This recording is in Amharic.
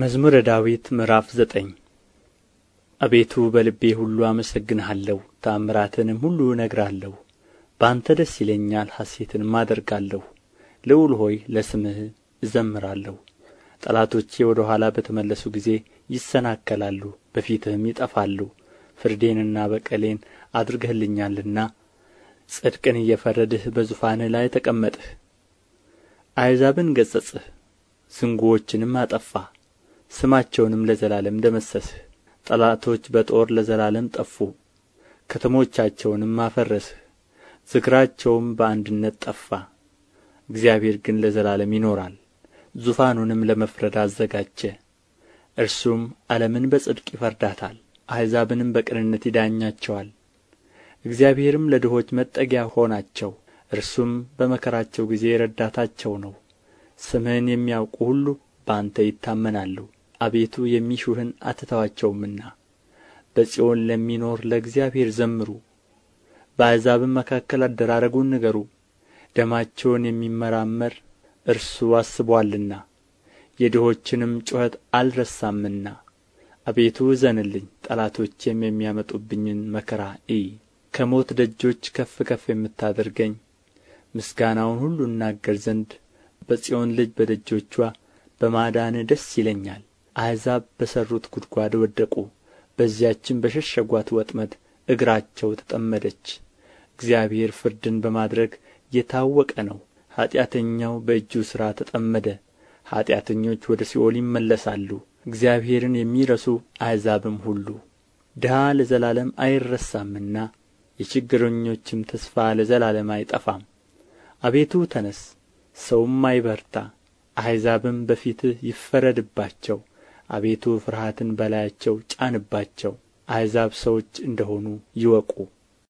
መዝሙረ ዳዊት ምዕራፍ ዘጠኝ አቤቱ በልቤ ሁሉ አመሰግንሃለሁ፣ ታምራትንም ሁሉ እነግራለሁ። በአንተ ደስ ይለኛል፣ ሐሴትንም አደርጋለሁ። ልዑል ሆይ ለስምህ እዘምራለሁ። ጠላቶቼ ወደ ኋላ በተመለሱ ጊዜ ይሰናከላሉ፣ በፊትህም ይጠፋሉ። ፍርዴንና በቀሌን አድርገህልኛልና ጽድቅን እየፈረድህ በዙፋንህ ላይ ተቀመጥህ። አሕዛብን ገሠጽህ፣ ዝንጉዎችንም አጠፋህ ስማቸውንም ለዘላለም ደመሰስህ ጠላቶች በጦር ለዘላለም ጠፉ ከተሞቻቸውንም አፈረስህ ዝክራቸውም በአንድነት ጠፋ እግዚአብሔር ግን ለዘላለም ይኖራል ዙፋኑንም ለመፍረድ አዘጋጀ እርሱም ዓለምን በጽድቅ ይፈርዳታል አሕዛብንም በቅንነት ይዳኛቸዋል እግዚአብሔርም ለድሆች መጠጊያ ሆናቸው እርሱም በመከራቸው ጊዜ ረዳታቸው ነው ስምህን የሚያውቁ ሁሉ በአንተ ይታመናሉ አቤቱ የሚሹህን አትተዋቸውምና በጽዮን ለሚኖር ለእግዚአብሔር ዘምሩ በአሕዛብም መካከል አደራረጉን ንገሩ ደማቸውን የሚመራመር እርሱ አስቦአልና የድሆችንም ጩኸት አልረሳምና አቤቱ እዘንልኝ፣ ጠላቶቼም የሚያመጡብኝን መከራ እይ። ከሞት ደጆች ከፍ ከፍ የምታደርገኝ ምስጋናውን ሁሉ እናገር ዘንድ በጽዮን ልጅ በደጆቿ በማዳንህ ደስ ይለኛል። አሕዛብ በሠሩት ጕድጓድ ወደቁ በዚያችም በሸሸጓት ወጥመድ እግራቸው ተጠመደች እግዚአብሔር ፍርድን በማድረግ የታወቀ ነው ኀጢአተኛው በእጁ ሥራ ተጠመደ ኀጢአተኞች ወደ ሲኦል ይመለሳሉ እግዚአብሔርን የሚረሱ አሕዛብም ሁሉ ድሀ ለዘላለም አይረሳምና የችግረኞችም ተስፋ ለዘላለም አይጠፋም አቤቱ ተነስ ሰውም አይበርታ አሕዛብም በፊትህ ይፈረድባቸው አቤቱ ፍርሃትን በላያቸው ጫንባቸው አሕዛብ ሰዎች እንደ ሆኑ ይወቁ